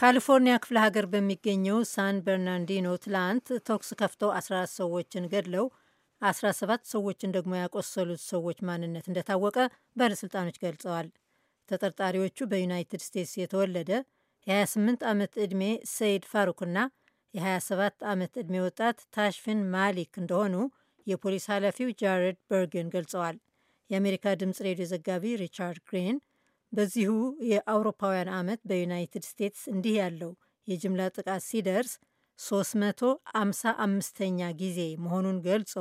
ካሊፎርኒያ ክፍለ ሀገር በሚገኘው ሳን በርናንዲኖ ትላንት ተኩስ ከፍተው 14 ሰዎችን ገድለው 17 ሰዎችን ደግሞ ያቆሰሉት ሰዎች ማንነት እንደታወቀ ባለሥልጣኖች ገልጸዋል። ተጠርጣሪዎቹ በዩናይትድ ስቴትስ የተወለደ የ28 ዓመት ዕድሜ ሰይድ ፋሩክና የ27 ዓመት ዕድሜ ወጣት ታሽፊን ማሊክ እንደሆኑ የፖሊስ ኃላፊው ጃሬድ በርግን ገልጸዋል። የአሜሪካ ድምፅ ሬዲዮ ዘጋቢ ሪቻርድ ግሪን በዚሁ የአውሮፓውያን ዓመት በዩናይትድ ስቴትስ እንዲህ ያለው የጅምላ ጥቃት ሲደርስ 355ኛ ጊዜ መሆኑን ገልጾ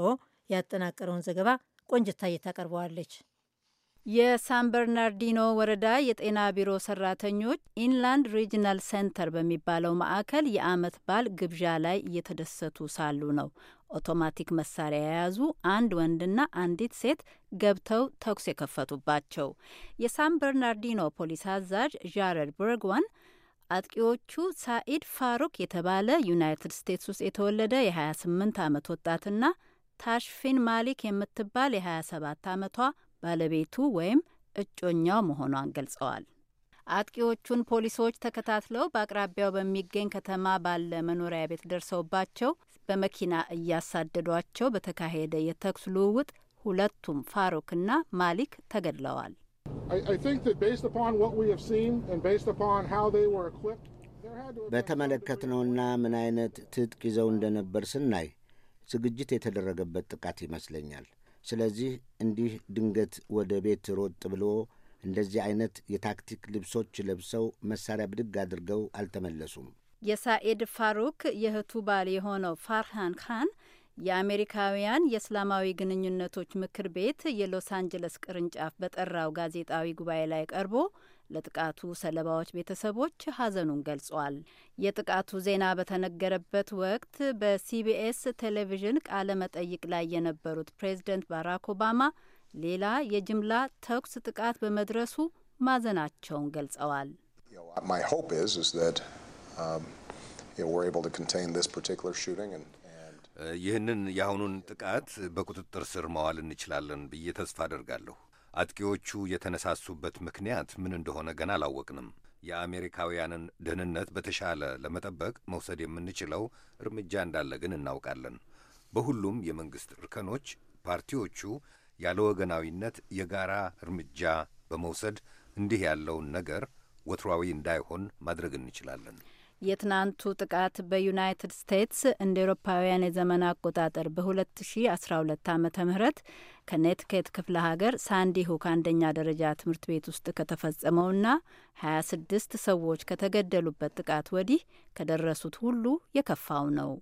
ያጠናቀረውን ዘገባ ቆንጅታ ታቀርበዋለች። የሳን በርናርዲኖ ወረዳ የጤና ቢሮ ሰራተኞች ኢንላንድ ሪጅናል ሴንተር በሚባለው ማዕከል የአመት በዓል ግብዣ ላይ እየተደሰቱ ሳሉ ነው ኦቶማቲክ መሳሪያ የያዙ አንድ ወንድና አንዲት ሴት ገብተው ተኩስ የከፈቱባቸው። የሳን በርናርዲኖ ፖሊስ አዛዥ ዣረድ በርግዋን አጥቂዎቹ ሳኢድ ፋሩክ የተባለ ዩናይትድ ስቴትስ ውስጥ የተወለደ የ28 ዓመት ወጣትና ታሽፊን ማሊክ የምትባል የ27 ዓመቷ ባለቤቱ ወይም እጮኛው መሆኗን ገልጸዋል። አጥቂዎቹን ፖሊሶች ተከታትለው በአቅራቢያው በሚገኝ ከተማ ባለ መኖሪያ ቤት ደርሰውባቸው በመኪና እያሳደዷቸው በተካሄደ የተኩስ ልውውጥ ሁለቱም ፋሩክና ማሊክ ተገድለዋል። በተመለከትነውና ምን አይነት ትጥቅ ይዘው እንደነበር ስናይ ዝግጅት የተደረገበት ጥቃት ይመስለኛል። ስለዚህ እንዲህ ድንገት ወደ ቤት ሮጥ ብሎ እንደዚህ አይነት የታክቲክ ልብሶች ለብሰው መሳሪያ ብድግ አድርገው አልተመለሱም። የሳኤድ ፋሩክ የእህቱ ባል የሆነው ፋርሃን ካን የአሜሪካውያን የእስላማዊ ግንኙነቶች ምክር ቤት የሎስ አንጀለስ ቅርንጫፍ በጠራው ጋዜጣዊ ጉባኤ ላይ ቀርቦ ለጥቃቱ ሰለባዎች ቤተሰቦች ሐዘኑን ገልጿል። የጥቃቱ ዜና በተነገረበት ወቅት በሲቢኤስ ቴሌቪዥን ቃለ መጠይቅ ላይ የነበሩት ፕሬዝደንት ባራክ ኦባማ ሌላ የጅምላ ተኩስ ጥቃት በመድረሱ ማዘናቸውን ገልጸዋል። ይህንን የአሁኑን ጥቃት በቁጥጥር ስር መዋል እንችላለን ብዬ ተስፋ አደርጋለሁ። አጥቂዎቹ የተነሳሱበት ምክንያት ምን እንደሆነ ገና አላወቅንም። የአሜሪካውያንን ደህንነት በተሻለ ለመጠበቅ መውሰድ የምንችለው እርምጃ እንዳለ ግን እናውቃለን። በሁሉም የመንግሥት እርከኖች ፓርቲዎቹ ያለ ወገናዊነት የጋራ እርምጃ በመውሰድ እንዲህ ያለውን ነገር ወትሯዊ እንዳይሆን ማድረግ እንችላለን። የትናንቱ ጥቃት በዩናይትድ ስቴትስ እንደ ኤሮፓውያን የዘመን አቆጣጠር በ2012 ዓ ም ከኔትኬት ክፍለ ሀገር ሁክ አንደኛ ደረጃ ትምህርት ቤት ውስጥ ከተፈጸመውና 26 ሰዎች ከተገደሉበት ጥቃት ወዲህ ከደረሱት ሁሉ የከፋው ነው።